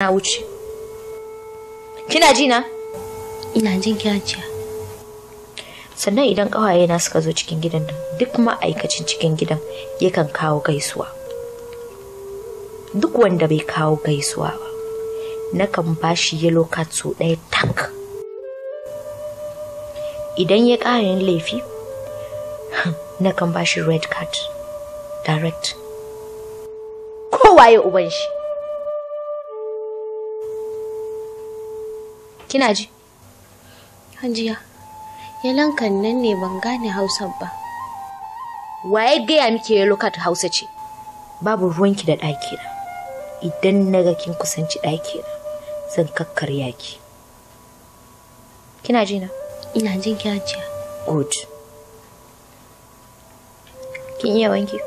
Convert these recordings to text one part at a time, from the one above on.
na wuce kina ji na ina jin kiya sannan idan ƙawaye na suka zo cikin gidan nan duk ma'aikacin cikin gidan yakan kawo gaisuwa duk wanda bai kawo gaisuwa ba nakan ba shi yellow card so ɗaya tak idan ya ƙara yin laifi nakan ba shi red card direct kowaye uban shi kina ji hajiya yalankan nan ne ban gane hausa ba waye gaya miki yalo hausa ce babu ruwanki da ɗaki na idan na ga kin kusanci ɗaki na zan kakkarya ki kina ji na ina jin ki hajiya good kin iya wanki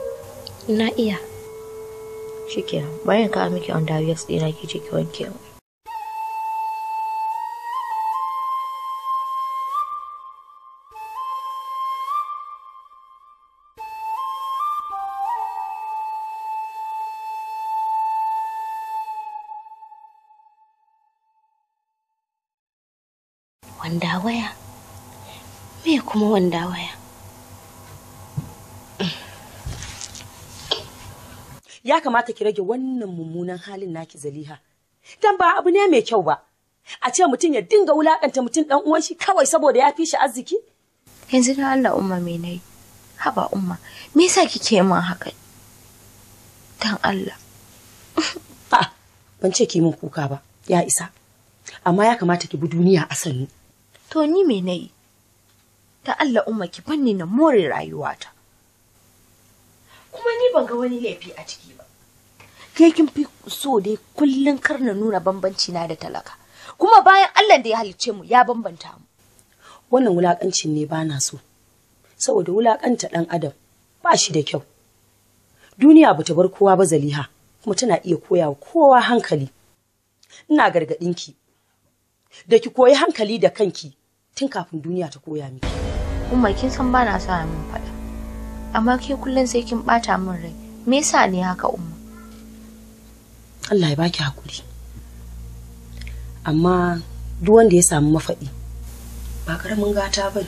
na iya shikenan bayan ka miki on dawiyas ɗina ki je ki wanke mu waya me kuma wanda waya ya kamata ki rage wannan mummunan halin naki zaliha dan ba abu ne mai kyau ba a ce mutum ya dinga wulakanta mutum dan uwan shi kawai saboda ya fi shi arziki yanzu na Allah umma me nayi haba umma me yasa kike min haka dan Allah ah, ban ce ki min kuka ba ya isa amma ya kamata ki bi duniya a sannu to ni me na yi ta Allah umma ki fanni na more rayuwata kuma ni ban ga wani laifi a ciki ba ke kin fi so dai kullum kar na nuna bambanci na da talaka kuma bayan Allah da ya halicce mu ya bambanta mu wannan wulakancin ne bana so saboda wulakanta ɗan adam ba shi da kyau duniya ba ta bar kowa ba zaliha kuma tana iya koya wa kowa hankali ina ki da ki koyi hankali da kanki tun kafin duniya ta koya miki umma kin san ba na sa min faɗa amma ke kullum sai kin ɓata min rai me yasa ne haka umma Allah ya baki hakuri amma duk wanda ya samu mafaɗi ba karamin gata ba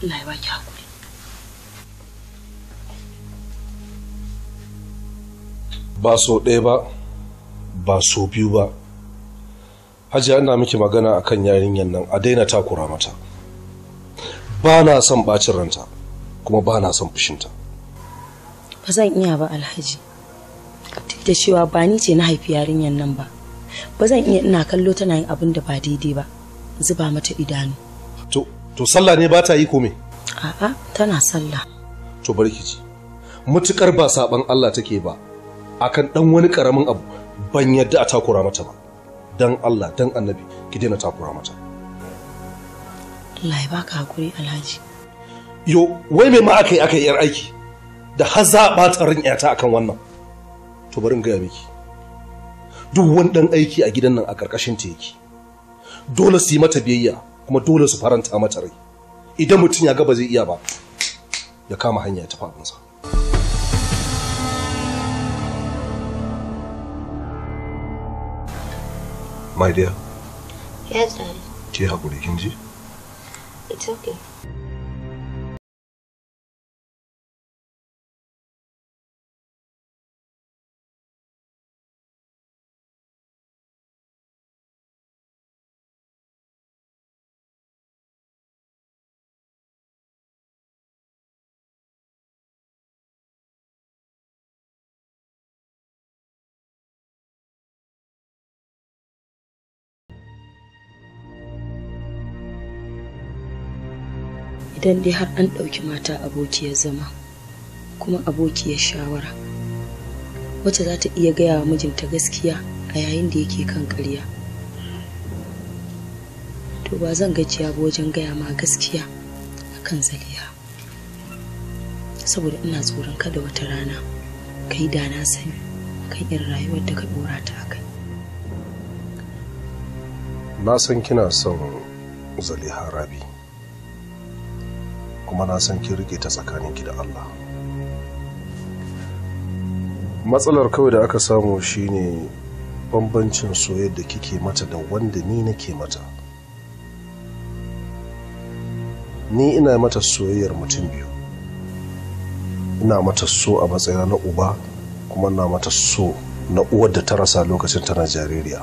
Allah ya baki hakuri ba so ɗaya ba ba so biyu ba hajiya ina miki magana akan yarinyar nan a daina takura mata ba na son bacin ranta kuma ba na son fushinta ba zan iya ba alhaji duk da cewa ba ni ce na haifi yarinyar nan ba ba zan iya ina kallo tana yin abin da ba daidai ba zuba mata idanu to to sallah ne ba ta yi kome a'a tana sallah to bari ki mutukar ba saban Allah take ba akan dan wani karamin abu ban yadda a takura mata ba dan Allah dan annabi ki daina takura mata Allah ya baka hakuri alhaji yo wai mai ma aka yi aka yi yar aiki da har za ɓata ran yata akan wannan to bari gaya miki duk wani ɗan aiki a gidan nan a karkashin ta yake dole su yi mata biyayya kuma dole su faranta mata rai idan mutum ya ga ba zai iya ba ya kama hanya ya tafi abinsa. my dear yes daddy Do you ki hakuri kin ji it's okay idan dai har an ɗauki mata abokiyar zama kuma abokiyar shawara wacce za ta iya gaya wa mijinta gaskiya a yayin da yake kan ƙarya to ba zan gajiya ba wajen gaya ma gaskiya a kan zaliha saboda ina tsoron kada wata rana kai da na sani kan yin rayuwar da ka ɗora ta kai na san kina son zaliha kuma na san kin rike ta tsakaninki da Allah matsalar kawai da aka samu shine bambancin soyayyar da kike mata da wanda ni nake mata ni ina mata soyayyar mutum biyu ina mata so a matsayina na uba kuma na mata so na uwar da ta rasa lokacin tana jaririya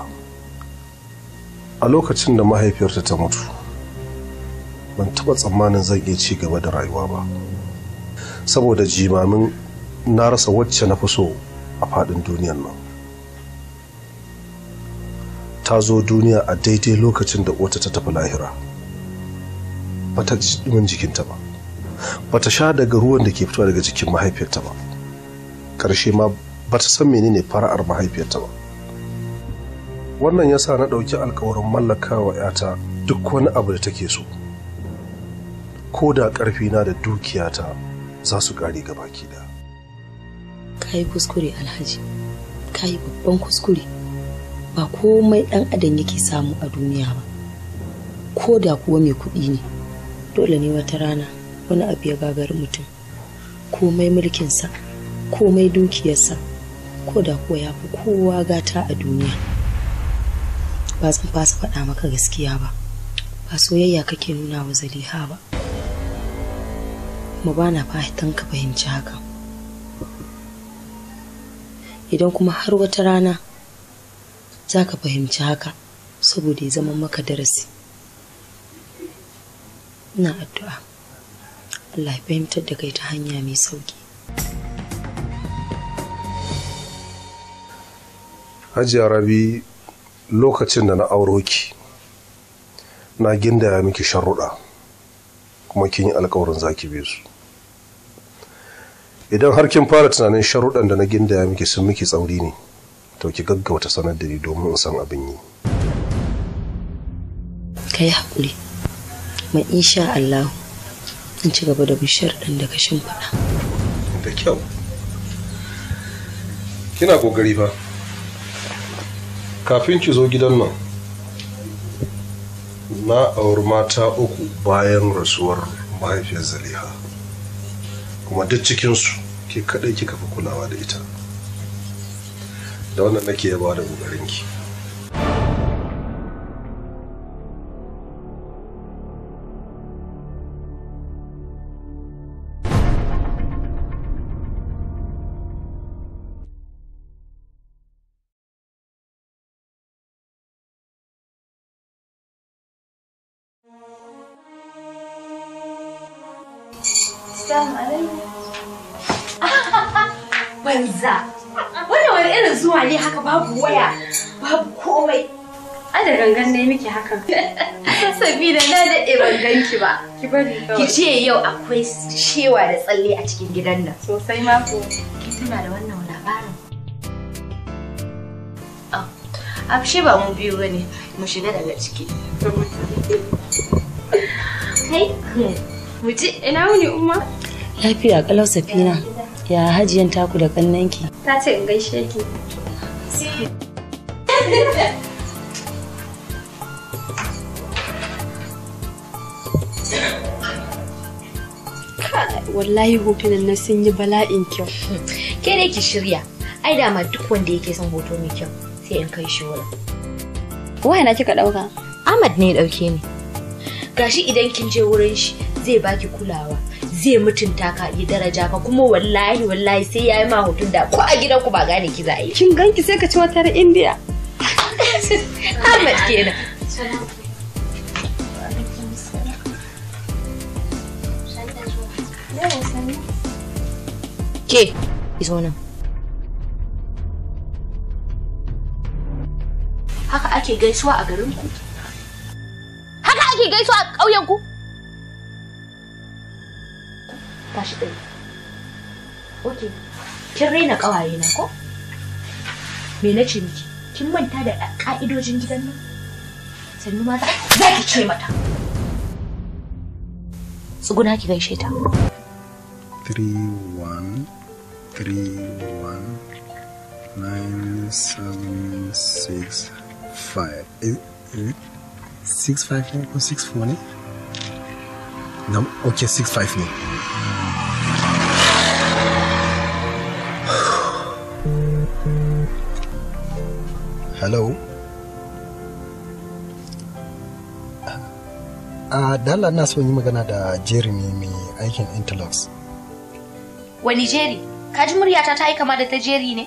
a lokacin da mahaifiyarta ta mutu ban taɓa tsammanin zan iya ci gaba da rayuwa ba saboda jimamin na rasa wacce na fi so a faɗin duniyan nan ta zo duniya a daidai lokacin da wata ta tafi lahira ba ta ɗumin jikinta ba ba ta sha daga ruwan da ke fitowa daga jikin mahaifiyarta ba ƙarshe ma ba ta san menene fara'ar mahaifiyarta ba wannan ya sa na ɗauki alkawarin mallakawa 'yata duk wani abu da take so ko da na da dukiyata za su ƙare ga baki da. Ka yi kuskure alhaji, ka yi babban kuskure. Ba komai ɗan adam yake samu a duniya ba, ko da kuwa mai kuɗi ne, dole ne wata rana wani abu ya gagar mutum. Komai mulkinsa, komai dukiyarsa, ko da kuwa ya fi kowa gata a duniya. Ba zan fasa faɗa maka gaskiya ba, ba soyayya kake nuna wa zaliha ba. kuma ba na fatan ka fahimci haka idan kuma har wata rana za ka fahimci haka saboda ya zama maka darasi ina addu'a Allah ya fahimtar da kai ta hanya mai sauki hajiya rabi lokacin da na auro ki na gindaya miki sharuɗa kuma kin yi alkawarin zaki bi su idan har kin fara tunanin sharuɗan da na gindaya miki sun miki tsauri ne to ki gaggauta sanar da ni domin in san abin yi ka yi haƙuri insha Allah in ci gaba da bishiyar ɗan da ka shimfiɗa da kyau kina ƙoƙari fa kafin ki zo gidan nan na auri mata uku bayan rasuwar mahaifiyar zaliha kuma duk cikinsu ke kadai kika fi kulawa da ita da wannan nake yaba da ƙoƙarinki Assalamu alaikum. banza wannan wani irin zuwa ne haka babu waya babu komai a da gangan ne miki hakan sabida na da ban ganki ba ki bari kawai ki ce yau akwai shewa da tsalle a cikin gidan nan sosai mako ki tuna da wannan labarin Afshi ah, ba mu biyu bane mu shiga daga ciki. Kai, mu ji ina wuni umma? Lafiya kalau safina. Ya hajiyan taku da kannanki? Ta ce in gaishe ki. wallahi hotunan nan sun yi bala'in kyau. Ke ne ki shirya, ai dama duk wanda yake son hoto mai kyau sai in kai shi wurin. Wai na kika ɗauka? Ahmad ne dauke ɗauke ni. Gashi idan kin je wurin shi zai baki kulawa, zai mutunta ka yi daraja ka kuma wallahi wallahi sai ya yi ma da ko a gidan ku ba gane ki za'a yi kin ganki sai ka ci wata ran indiya Ahmad kenan ke iso nan haka ake gaisuwa a garinku haka ake gaisuwa a ƙauyenku tashi ɗin ok kin raina ƙawaye na ko me na ce miki kin manta da ƙa'idojin gidan nan sannu mata za ki ce mata tsuguna ki gaishe ta 3131976 6 5 ne ko 6 4 ne? ok 6 5 ne hello a ah, dala na son yi magana da jeremy mai aikin interlux. wani jeri ka ji muryata ta yi kama da ta jeri ne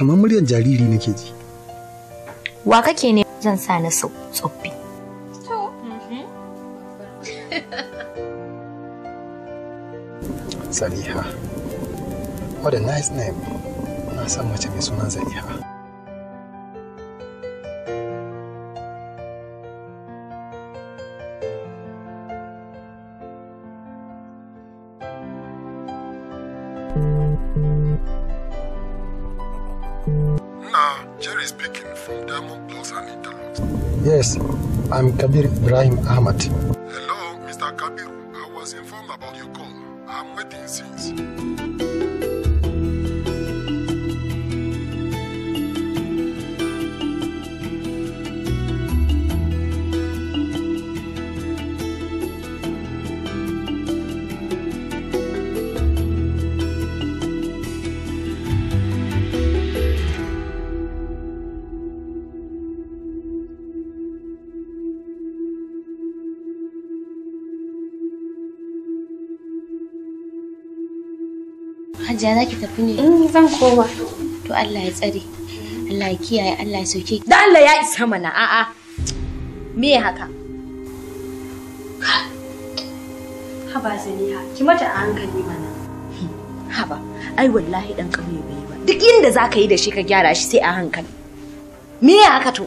kamar muryar jariri nake ji wa kake ne zan sa na sau tsoffi mhm. Saliha. What a nice name. na san mace mai Yes, I'm Kabir Ibrahim Ahmad. Hello, Mr. Kabir. I was informed about your call. I'm waiting since. Hajiya za ki tafi ne? In zan koma. To Allah ya tsare. Allah ya kiyaye Allah ya sauke Da Allah ya isa mana a'a. Me haka? Haba Zaliha, ki mata a hankali mana. Haba, ai wallahi dan ƙauye bai ba. Duk inda za ka yi da shi ka gyara shi sai a hankali. Me haka to?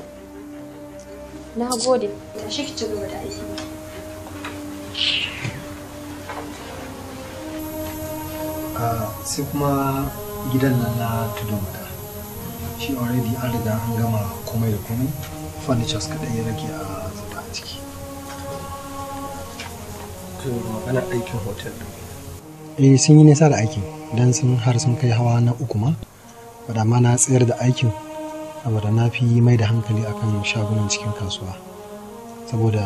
Na gode. Tashi ki ci gaba da aiki. sai kuma gidan nan na tudu wata shi already an riga an gama komai da komai furnitures kadai ya rage a zuba a ciki ana aikin hotel eh, sun yi nisa da aikin idan sun har sun kai hawa na uku ma bada ma na tsayar da aikin saboda na fi mai da hankali akan shagunan cikin kasuwa saboda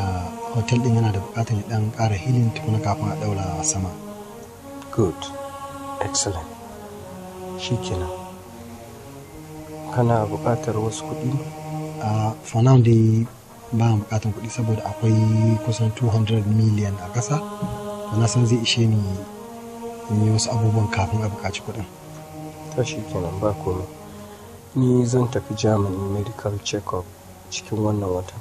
hotel din yana da bukatar ya dan ƙara hilin tukuna kafin a daura sama good excellent shikenan kana buƙatar wasu kuɗi a for now ba mu buƙatar kuɗi saboda akwai kusan 200 million a ƙasa to na san zai ishe ni in yi wasu abubuwan kafin a buƙaci kuɗin ta shikenan ba komai ni zan tafi germany medical check-up cikin wannan watan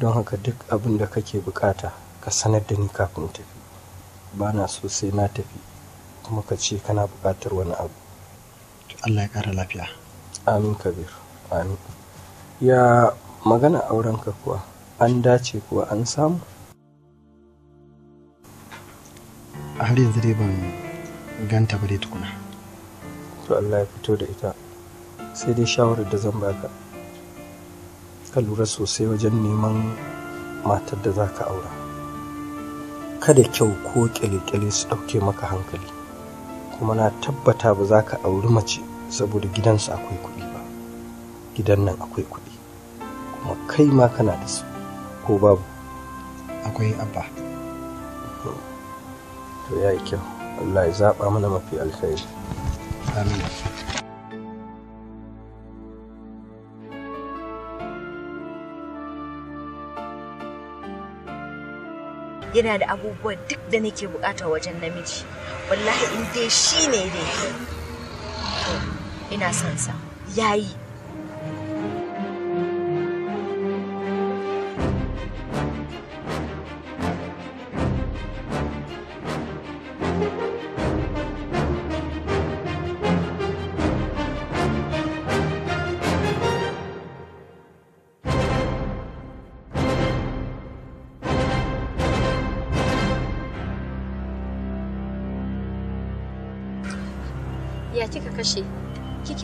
don haka duk abin da kake bukata ka sanar da ni kafin tafi ba na so sai na tafi kuma ka ce kana buƙatar wani abu Allah ya ƙara lafiya amin kabir amin ya magana aurenka kuwa an dace kuwa an samu har yanzu dai ban ganta ba dai tukuna to Allah ya fito da ita sai dai shawarar da zan baka ka lura sosai wajen neman matar da za ka aura kada kyau ko ƙyale kyale su ɗauke maka hankali kuma na tabbata ba za ka auri mace saboda gidansa akwai kuɗi ba gidan nan akwai kuɗi kuma kai ma kana da su ko babu akwai abba to ya yi kyau Allah ya zaɓa mana mafi alkhairi amin yana da abubuwa duk da nake bukata wajen namiji wallahi in dai shi ne dai ina son sa yayi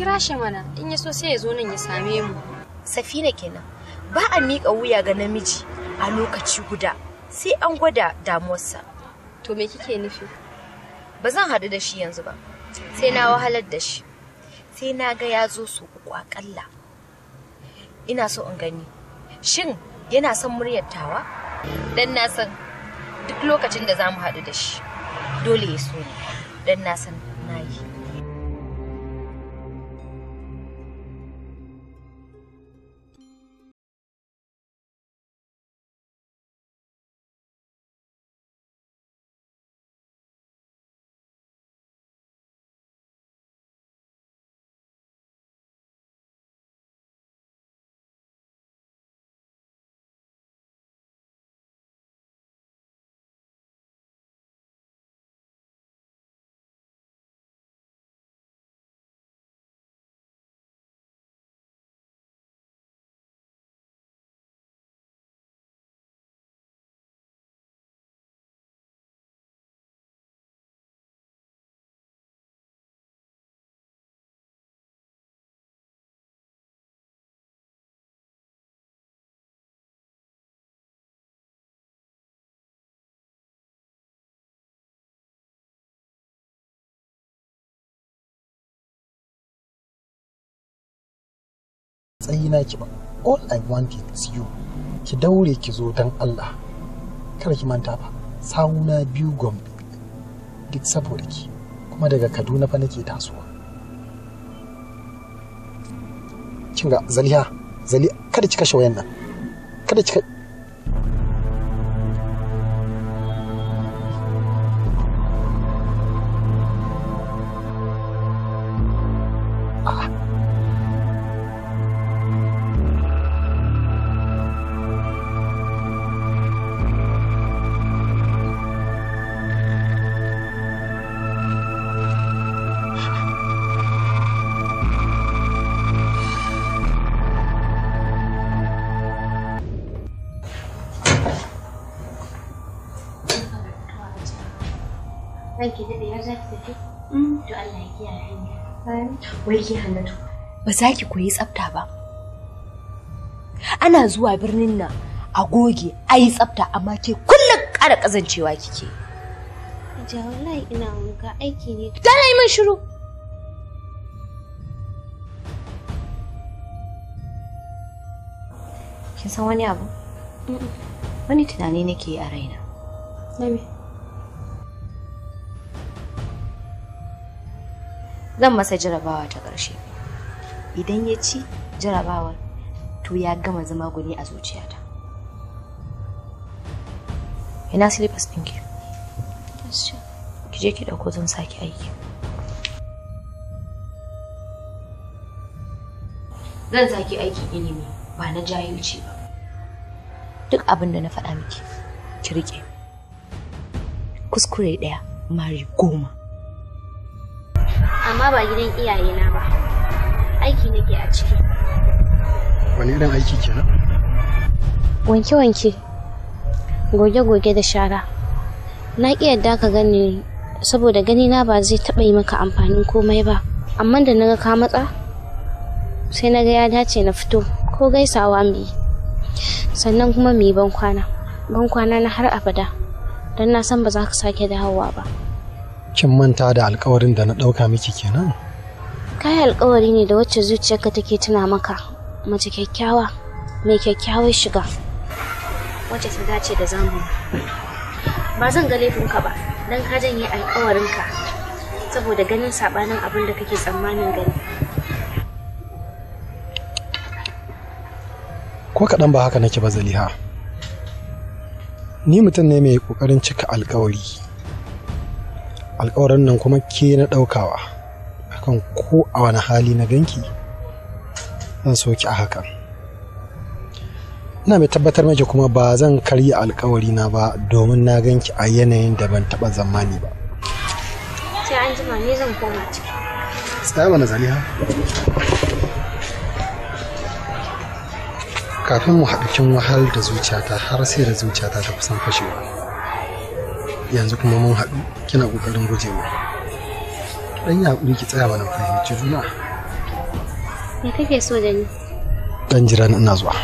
kira shi mana in ya so sai ya zo nan ya same mu safina kenan ba a miƙa wuya ga namiji a lokaci guda sai an gwada damuwarsa to me kike nufi ba zan haɗu da shi yanzu ba sai na wahalar da shi sai na ga ya zo su uku ina so in gani shin yana son muryar tawa dan na san duk lokacin da za mu haɗu da shi dole ya so ni dan na san na yi na ki ba all i want is you ki daure ki zo don allah kar ki manta ba sauna biyu gombe duk saboda ki kuma daga kaduna fa nake tasowa kin ga zaliha zali kada ki kashe wayan nan kada ki Wai ke Hannatu, ba za ki koyi tsafta ba. Ana zuwa birnin nan a goge, a yi tsafta amma ke kullum ƙara ƙazancewa kike. Aja wallahi ina wanka aiki ne. Tana yi mun shiru. Kin san wani abu? Wani tunani nake yi a raina. Na zan masa jarabawa ta ƙarshe idan ya ci jarabawar to ya gama zama guni a zuciyata ina slippers ɗinki ki je ki ɗauko zan saki aiki zan saki aikin ilimi ba na jahilci ba duk abin da na faɗa miki ki riƙe kuskure ɗaya mari goma amma ba gidan iyayena ba aiki nake a ciki wani irin aiki kenan wanke-wanke goge-goge da shara na ƙi yadda ka gani saboda gani na ba zai taɓa yi maka amfanin komai ba amma da na ga ka matsa sai na ga ya dace na fito ko gaisawa mu sannan kuma mu ban kwana ban kwana na har abada don na san ba za ka sake dawowa ba kin manta da alkawarin da na ɗauka miki kenan kai alkawari ne da wacce zuciyarka take tuna maka mace kyakkyawa mai kyakkyawar shiga wacce ta dace da zamu? ba zan ga laifinka ba don ka janye ka, saboda ganin sabanin abin da kake tsammanin gani ko kaɗan ba haka nake ba zaliha ni mutum ne mai ƙoƙarin cika alkawari alkawarin nan kuma ke na ɗaukawa akan ko a wani hali na ganki zan soki a hakan ina mai tabbatar miki kuma ba zan karya alkawari na ba domin na ganki a yanayin da ban taɓa zamani ba sai an ji ne zan koma ciki tsaya mana zaliha kafin mu haɗu kin wahal da zuciyata har sai da zuciyata ta kusan fashewa yanzu kuma mun haɗu kina ƙoƙarin guje dan yi hakuri ki tsaya mana fahimci juna me kake so da ni dan jira ni ina zuwa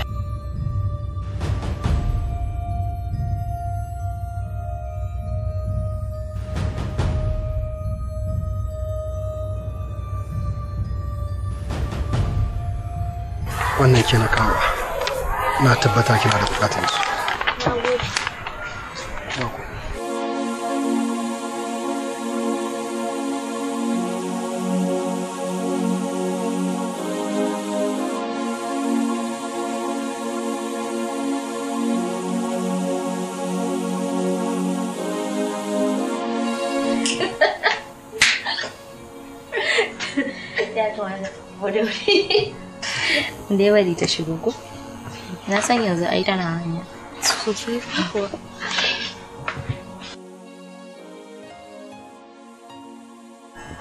wannan kina kawo na tabbata kina da bukatar su Da dai bari ta shigo ko na san yanzu ai tana hanya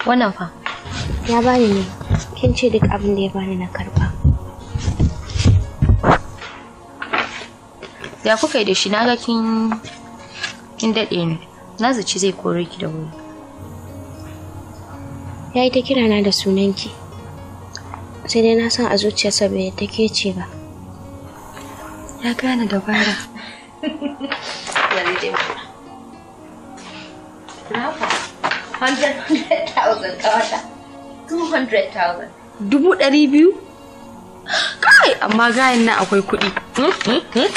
wannan fa ya bani ne kin ce duk abin da ya bani na karba ya kuka yi da shi naga kin kin daɗe ne. na zaci zai kore ki da wuri ya yi ta kirana da sunanki sai dai na san a zuciyarsa bai ta ce ba ya gane dabara Dubu ɗari biyu? Kai, amma gayan nan akwai kuɗi. Hmm? Hmm? Hmm?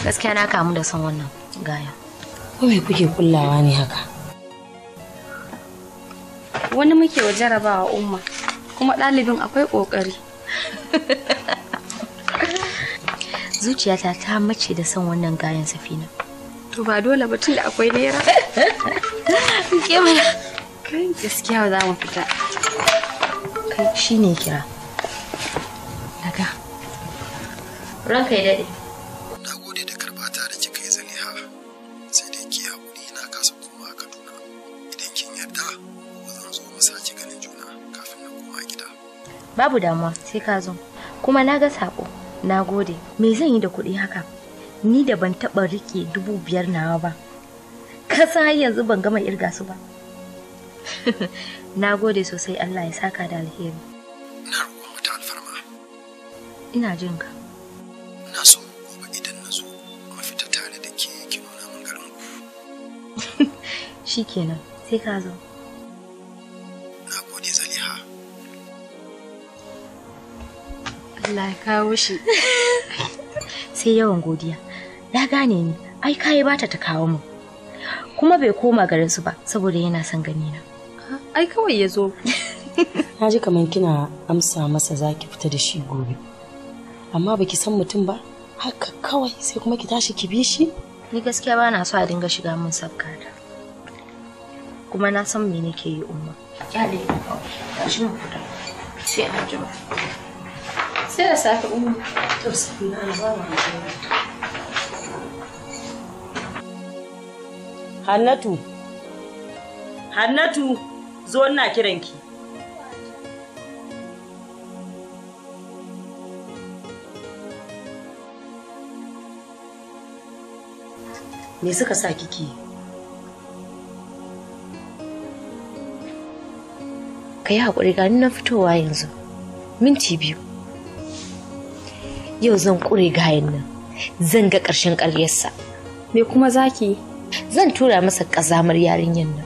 Gaskiya na kamu da son wannan gayan. Kawai kuke kullawa ne haka? Wani muke wa jarabawa umma. kuma ɗalibin akwai ƙoƙari zuciyata ta mace da son wannan gayan safina to ba dole ba tun da akwai naira ke mana kai gaskiya za mu fita kai shine kira daga ranka ya daɗe na da karbata da kika yi zaniha sai dai ki haƙuri na kasa kuma a kaduna idan kin yarda ba zan zo mu sake ganin juna koma gida babu damuwa sai ka zo kuma na ga sako na gode me zan yi da kuɗi haka ni da ban taɓa rike dubu biyar nawa ba kasa yanzu ban gama irga su ba na gode sosai allah ya saka da alheri na roƙon ta alfarma ina jin ka na so gobe idan na zo mafita tare da ke ki nuna min garin ku shikenan sai ka zo Allah ya kawo shi. Sai yawan godiya. Ya gane ni, ai kayi bata ta kawo mu. Kuma bai koma garin su ba saboda yana son gani na. Ai kawai ya zo. Na ji kamar kina amsa masa zaki fita da shi gobe. Amma baki san mutum ba, haka kawai sai kuma ki tashi ki bi shi. Ni gaskiya ba na so a dinga shiga mun sabkata. Kuma na san me nake yi umma. Ya Kyale, shi mu fita. Sai an jima. sai da safe umu to sai na zama Hannatu Hannatu zo ina kiranki Me suka sa kiki? Ka yi haƙuri ganin na fitowa yanzu. Minti biyu. yau zan ƙure gayan nan zan ga ƙarshen ƙaryarsa me kuma zaki zan tura masa ƙazamar yarinyar nan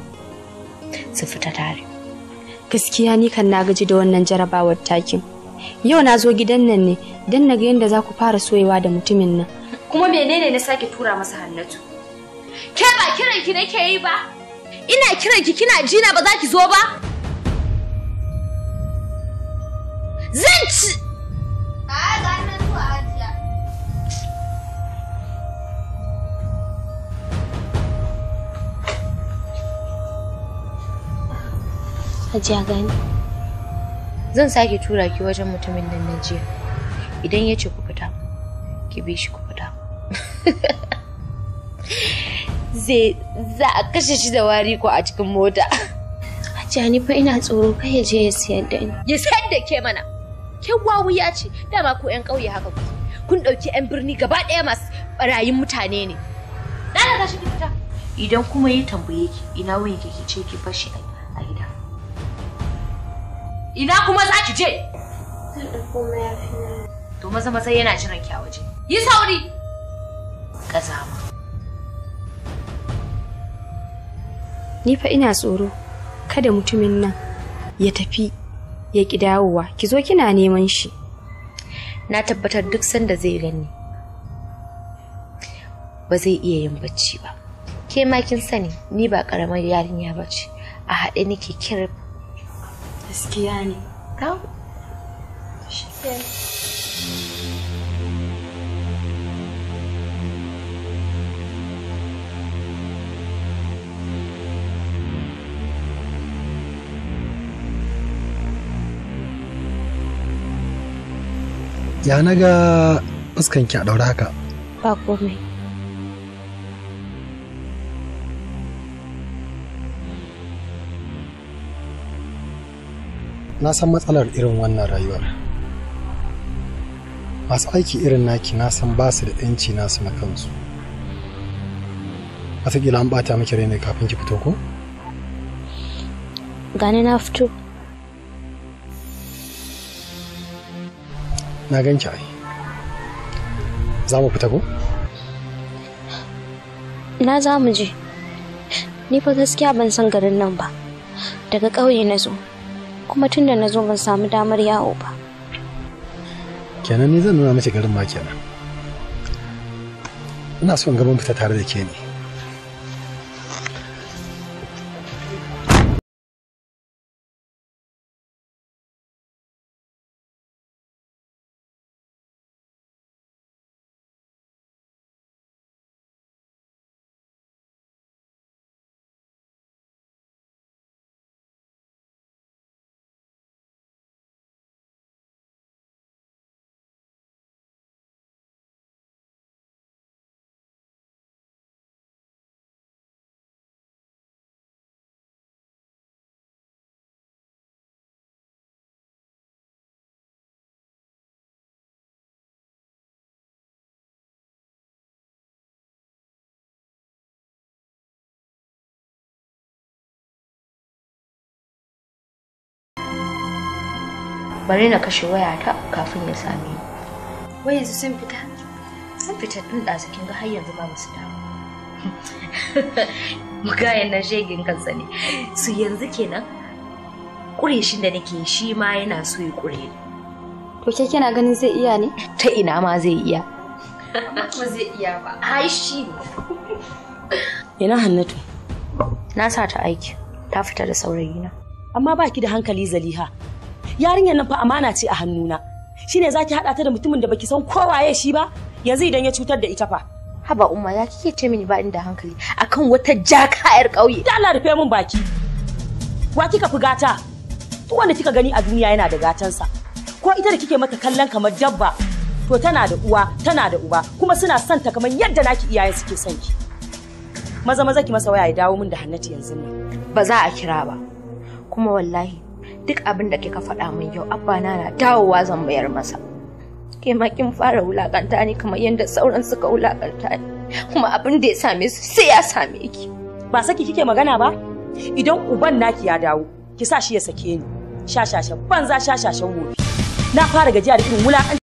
su fita tare gaskiya ni kan na gaji da wannan jarabawar takin yau na zo gidan nan ne don na ga yadda za ku fara soyewa da mutumin nan kuma menene na sake tura masa hannatu ke ba kiranki ki nake yi ba ina kiranki ki kina jina ba za ki zo ba ka ji a gani zan sake tura ki wajen mutumin nan na jiya idan ya ce ku fita ki bi shi ku fita zai za a kashe shi da wari ko a cikin mota Jani fa ina tsoro kai ya je ya sayar da ni. Ya sayar da ke mana. Ke ya ce, dama ko 'yan ƙauye haka ku. Kun ɗauki 'yan birni gaba ɗaya masu barayin mutane ne. Dala ka shi fita. Idan kuma ya tambaye ki, ina wuyan ke ce ki fashi a Ina kuma za ki je? To maza maza yana jiran ki a waje. Yi sauri! Kazama. Ni fa ina tsoro kada mutumin nan ya tafi ya ki dawowa ki zo kina neman shi. Na tabbatar duk sanda zai gani ba zai iya yin bacci ba. Ke ma kin sani ni ba ƙaramar yarinya ba ce a haɗe nake kirif gaskiya ne kawo shi ya na ga fuskanki a daura haka ba komai na san matsalar irin wannan rayuwar masu aiki irin naki na san ba su da 'yanci nasu na kansu wataƙila an ɓata miki rai ne kafin ki fito ko? gane na fito na gan ki ai za mu fita ko? na za mu je ni fa gaskiya ban san garin nan ba daga ƙauye na zo kuma tunda na zo ban samu damar yawo ba kenan ni zan nuna mace garin ma kenan ina son gaban fita tare da ke ne bari na kashe wayata kafin ya same ni wai sun fita sun fita tun ɗazu su ga har yanzu ba musu damu mugayen na shegin kansa ne su yanzu kenan kure shi da nake shi ma yana so ya ƙure ni to ke kina ganin zai iya ne ta ina ma zai iya ko zai iya ba ai shi ina hannatu na sa ta aiki ta fita da saurayina amma baki da hankali zaliha yarinyar nan fa amana ce a hannuna shine zaki hada ta da mutumin da baki san ko waye shi ba yanzu idan ya cutar da ita fa haba umma ya kike ce mini ba inda hankali akan wata jaka yar kauye da Allah rufe min baki wa kika fi gata to wanda kika gani a duniya yana da gatansa ko ita da kike mata kallon kamar dabba to tana da uwa tana da uba kuma suna son ta kamar yadda naki iyaye suke son ki maza maza ki masa waya ya dawo min da Hannatu yanzu ne ba za a kira ba kuma wallahi duk abin da kika faɗa min yau abba na na dawowa zan bayar masa ke kin fara wulakanta ne kamar yadda sauran suka wulakanta ni kuma abin da ya same su sai ya same ki ba saki kike magana ba idan uban naki ya dawo ki sa shi ya sake ni sha banza sha wofi na fara gajiya da irin wulakanta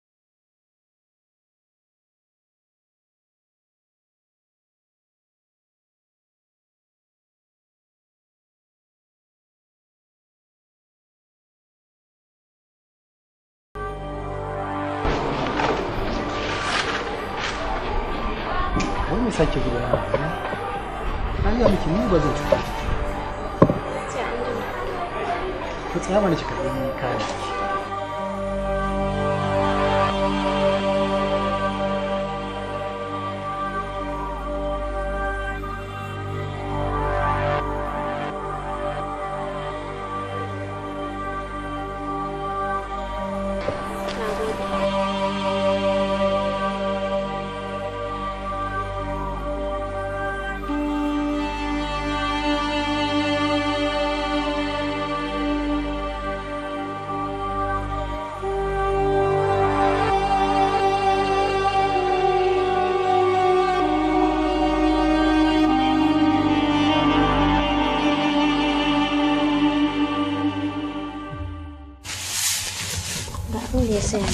sand.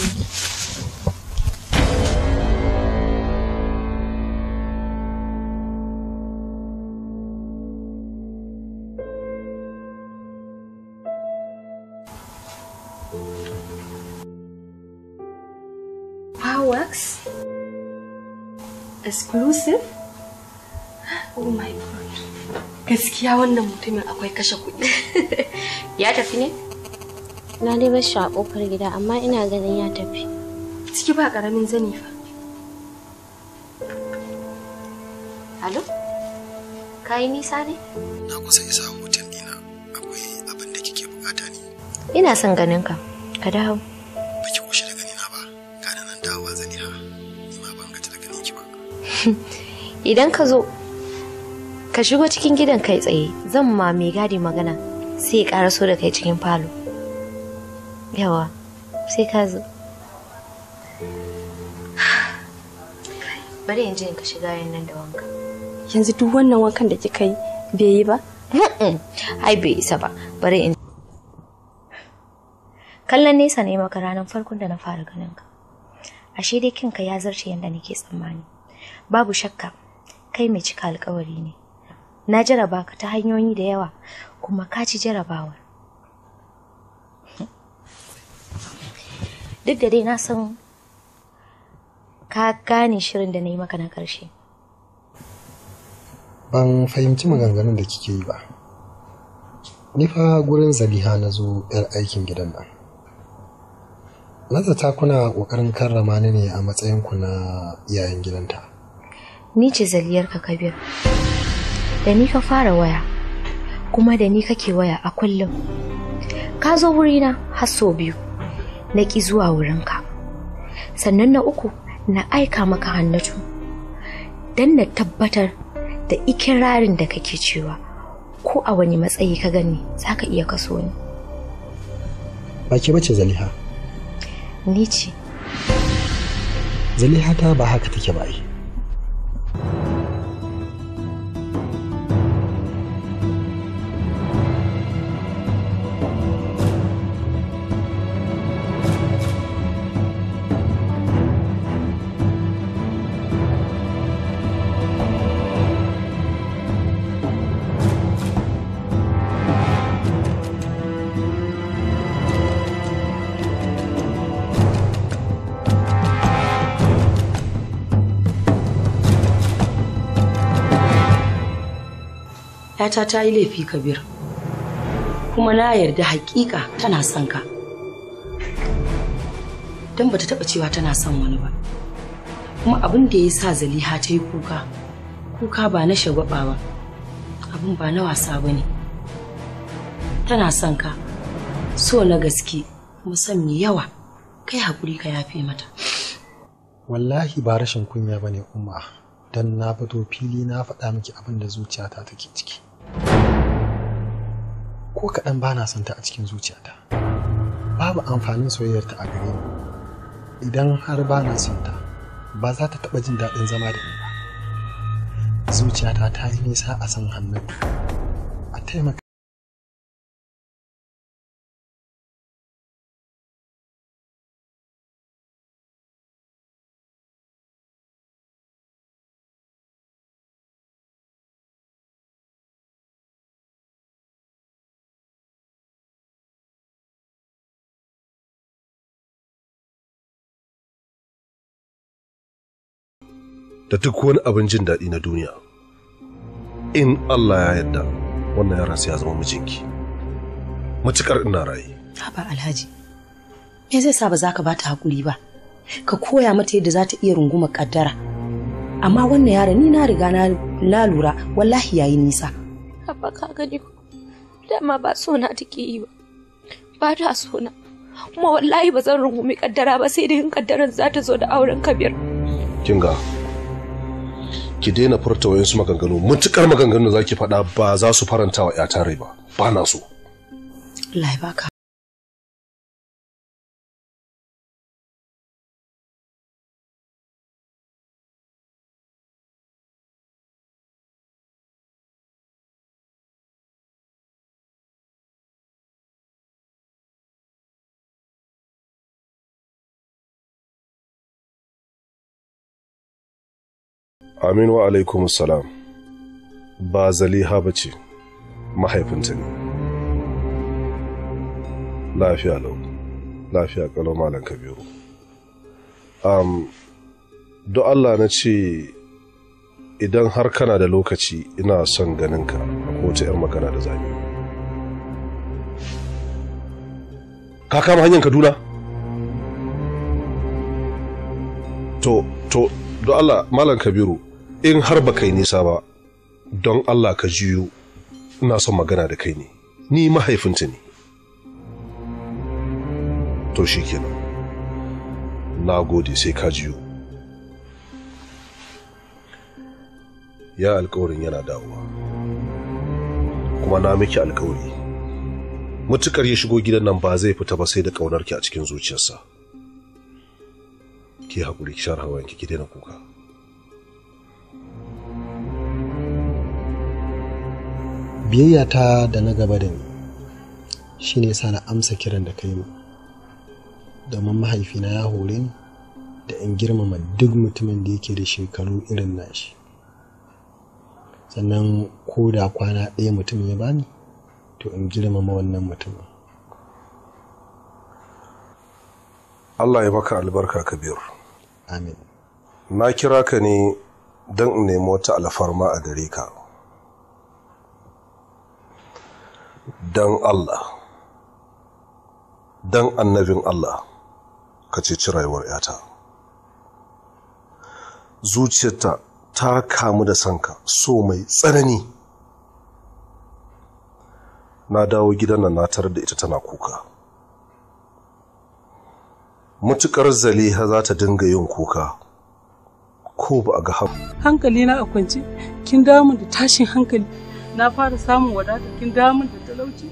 Fireworks? Exclusive? Oh my god. Gaskiya wannan mutumin akwai kashe kuɗi. Ya tafi ne? na dai bar shi a ƙofar gida amma ina ganin ya tafi ciki ba ƙaramin zani fa allo Ka yi nisa ne? Na kusa isa hotel dina akwai abin da kike bukata ne. Ina son ganin ka, ka dawo. Ba ki kushe da ganina ba, ka da nan dawowa zan ha, ni ma ban gaji da ganin ki ba. Idan ka zo, ka shigo cikin gidan kai tsaye, zan ma mai gadi magana sai ya ƙaraso da kai cikin falo. yawa sai ka zo bari in je ka shiga yin da wanka yanzu duk wannan wankan da kika yi bai yi ba ai bai isa ba kallon nesa ne maka ranar farkon da na fara ganin ka ashe dai kinka ya zarce yadda nake tsammani babu shakka kai mai cika alkawari ne na jaraba ka ta hanyoyi da yawa kuma ka ci jarabawar duk da dai na san ka gane shirin da na yi maka na ƙarshe ban fahimci maganganun da kike yi ba ni fa gurin zaliha na zo 'yar aikin gidan nan nazata kuna ƙoƙarin karrama ni ne a matsayinku na iyayen gidanta ni ce zaliyarka kabir da ni ka fara waya kuma da ni kake waya a kullum ka zo wurina har sau biyu na ƙi zuwa wurin ka sannan na uku na aika maka hannatu dan na tabbatar da ikirarin da kake cewa ko a wani matsayi ka gani za ka iya kaso ni ba ke bace zaliha ni ce zaliha ta ba haka take ba yi yata ta yi laifi kabir kuma na yarda hakika tana son ka don bata taba cewa tana son wani ba kuma abin da ya sa zaliha ta yi kuka kuka ba na shagwaba ba abin ba na wasa ba ne tana son ka so na gaske kuma son mai yawa kai hakuri ka yafe mata wallahi ba rashin kunya ba ne umma don na fito fili na faɗa miki abin da zuciyata take ciki ko kaɗan ba na son ta a cikin zuciyata babu amfanin soyayyarta a gare ni idan har ba na son ta ba za ta taɓa jin daɗin zama da ni ba zuciyata ta yi nisa a san hannu a taimaka da duk wani abin jin daɗi na duniya in Allah ya yarda wannan yaron sai ya zama mijinki matukar ina raye haba alhaji me zai sa ba za ka bata hakuri ba ka koya mata yadda za ta iya runguma kaddara amma wannan yaron ni na riga na lura wallahi yayi nisa haba ka gani dama ba so na take yi ba ba ta so na kuma wallahi ba zan rungumi kaddara ba sai dai in kaddaran za ta zo da auren kabir kinga ki daina furta wayansu maganganu mutukar maganganu da zaki faɗa ba za su faranta wa 'yata rai ba ba na so Allah amin wa alaikum salam ba zaliha ba ce mahaifinta ne lafiya lau lafiya kalau malam kabiru um, Do allah na ce idan har kana da lokaci ina son ganinka a kowace 'yar magana da zami ka kama hanyar kaduna to to do allah malam kabiru in har ba kai nisa ba don Allah ka juyo ina son magana da kai ne ni mahaifinta ne to shi kenan na gode sai ka juyo ya alkawarin yana dawowa kuma na miki alkawari mutukar ya shigo gidan nan ba zai fita ba sai da ƙaunarki a cikin zuciyarsa ki hakuri ki share hawayenki ki daina kuka biyayya ta da na gaba da ni shi ne sa na amsa kiran da kai yi domin mahaifina ya hore ni da in girmama duk mutumin da yake da shekaru irin nashi sannan ko da kwana ɗaya mutum ya bani to in girmama wannan mutumin Allah ya baka albarka kabir amin na kira ka ne don in nemi wata alfarma a gare ka don Allah don annabin Allah ka ci rayuwar ‘yata zuciyarta ta kamu da sanka so mai tsanani na dawo gidan nan na tarar da ita tana kuka mutukar zaliha za ta dinga yin kuka ko ba a ga hankali na a kwance kin damu da tashin hankali na fara samun wadatakin kin da talauci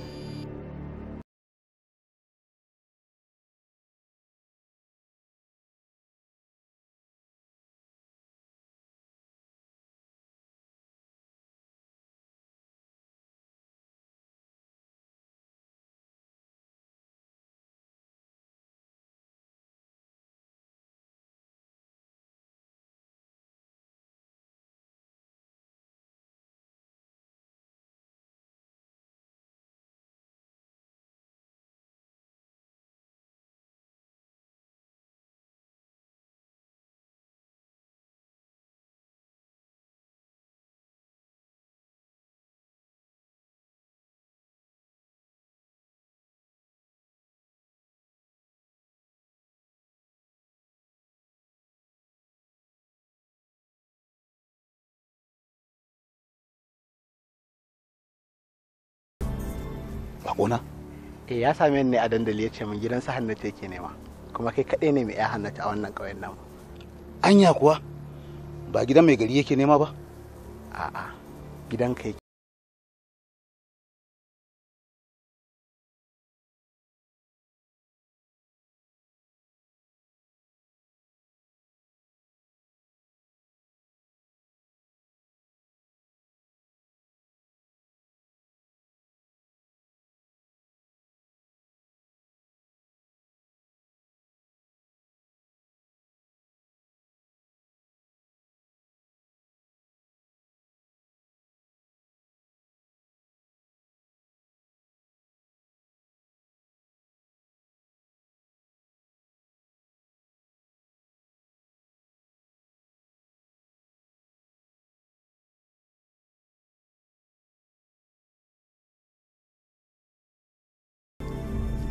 bakona eh ya same ni a dandali ya ce min sa hannata yake nema kuma kai kaɗai ne mai ya hannata a wannan ƙauyen namu anya kuwa ba gidan mai gari yake nema ba a'a gidan ka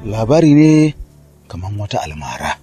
labari ne kamar wata almara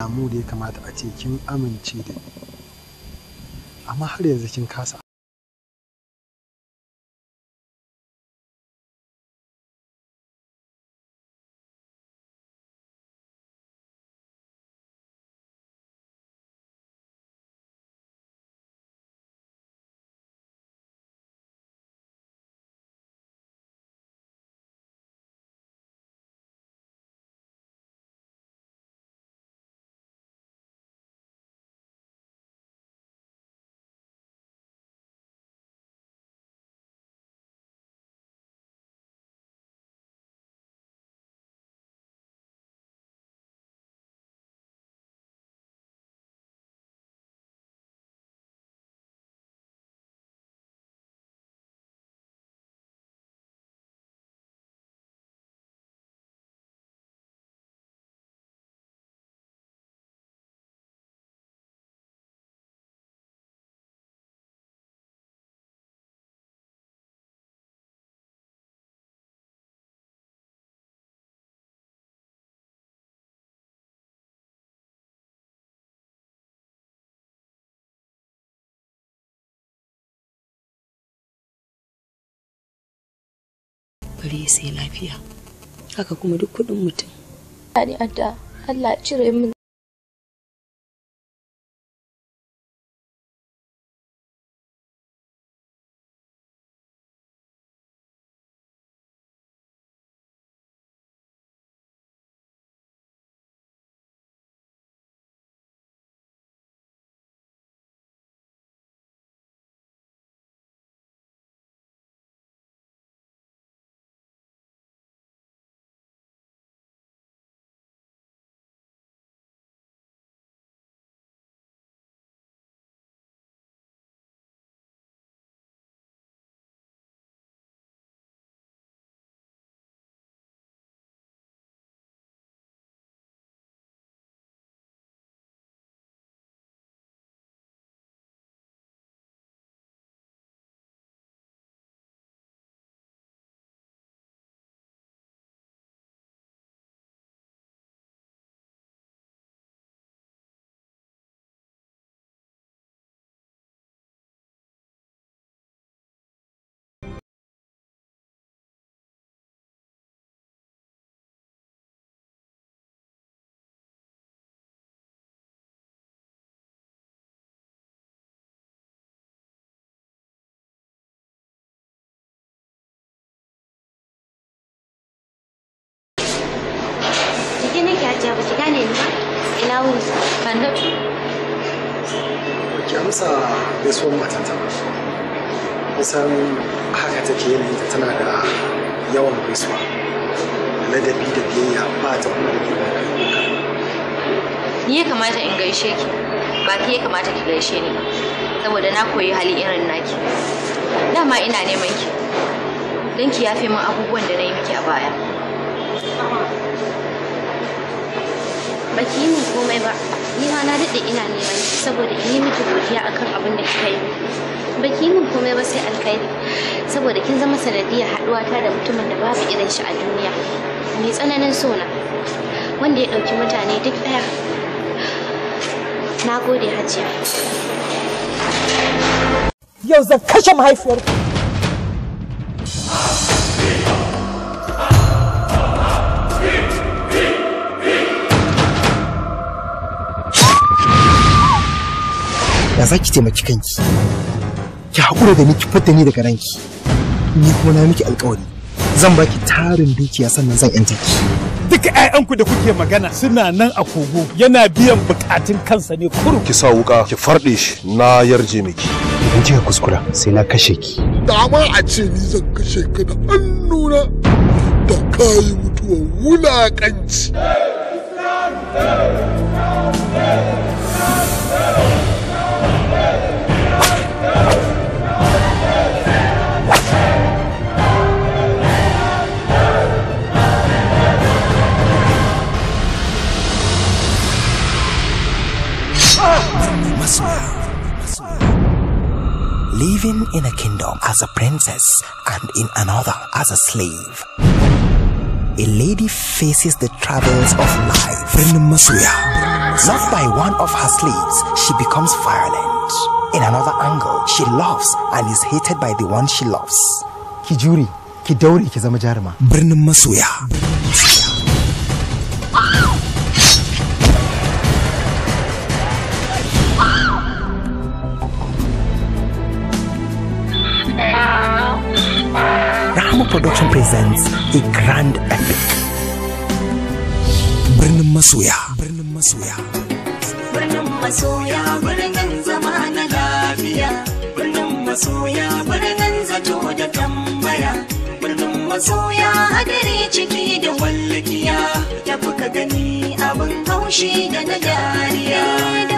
damu da ya kamata ce kin amince da ni, amma har yanzu kin kasa. bari ya sai lafiya haka kuma duk kuɗin mutum. Ni adda Allah cire mu ne nake ajiya ba ki gane ni ba ina wunsa ban da ki amsa gaisuwar ba san haka take yanayin ta tana da yawan gaisuwa ladabi da biyayya ba ta kuma da girma ni ya kamata in gaishe ki ba ki ya kamata ki gaishe ni ba saboda na koyi hali irin naki dama ina neman ki don ki yafe min abubuwan da na yi miki a baya baki ne komai ba ni ma na daɗe ina neman ki saboda in yi miki godiya akan abin da kika yi baki ne komai ba sai alkhairi saboda kin zama sanadiyar ta da mutumin da babu irin shi a duniya mai tsananin sona wanda ya ɗauki mutane duk ɗaya na gode hajiya yau zan kashe mahaifiyarku da za ki taimaki kanki ki haƙura da ni ki fadda ni daga ranki ni kuma na miki alƙawari zan baki tarin dukiya sannan zan yanta ki duka ƴaƴanku da kuke magana suna nan a kogo yana biyan bukatun kansa ne kuru ki sa wuka ki farɗe shi na yarje miki idan kika kuskura sai na kashe ki dama a ce ni zan kashe ka da hannuna da kayi mutuwa wulaƙanci mistress and in another as a slave. A lady faces the troubles of life. Loved by one of her slaves, she becomes violent. In another angle, she loves and is hated by the one she loves. Kijuri, Kidoori, daure ki presents a grand epic. Birnin Masoya. Birnin Masoya. Birnin Masoya birnin zama na lafiya. Birnin Masoya birnin zato da tambaya. Birnin Masoya hadari ciki da wallakiya. Ya fuka gani abin haushi da na dariya.